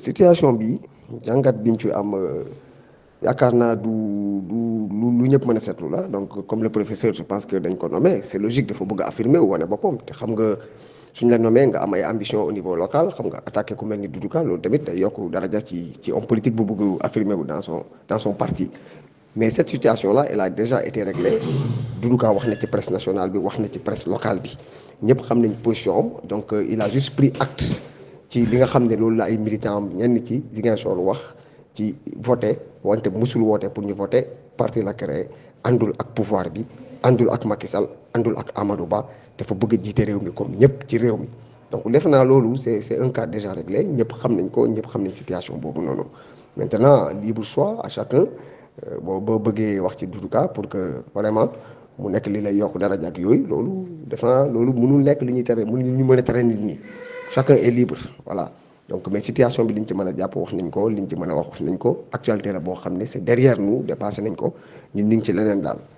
situation bi jangat biñ ci am euh, yakarna du du lu ñepp mëna sétlu la donc comme le professeur je pense que dañ ko nommé c'est logique dafa bëgg affirmer woné bopom. te xam nga suñ la nommé nga am ay ambition au niveau local xam nga attaqué ku melni ni Doudou Ka loolu tamit day dara ja ci ci homme politique bu bëgg affirmer dans son dans son parti mais cette situation là elle a déjà été réglée Doudou Ka wax na ci presse nationale bi wax na ci presse locale bi ñepp xam nañ position donc euh, il a juste pris acte ci li nga xam ne loolu la ay militants am ñenn ci Ziguinchor wax ci voté wante musul woote pour ñu voté parti la créé andul ak pouvoir bi andul ak Macky Sall àndul ak Amadou Ba dafa bëgg a jiite réew mi comme ñëpp ci réew mi donc def naa loolu c'est c'est un cas déjà réglé ñëpp xam nañ ko ñëpp xam nañ situation boobu noonu maintenant libre choix à chacun euh, boo boo bëggee wax ci Doudou pour que vraiment mu nekk li lay yokk dara jàkk yooyu loolu def naa loolu mënul nekk li ñuy tere mënul ñu mën a tere nit ñi chacun est libre voilà donc mais situation bi liñ ci mën a jàpp wax nañ ko liñ ci mën a wax wax nañ ko actualité la boo xam ne c'est derrière nous dépassé nañ ko ñun ñu ngi ci leneen daal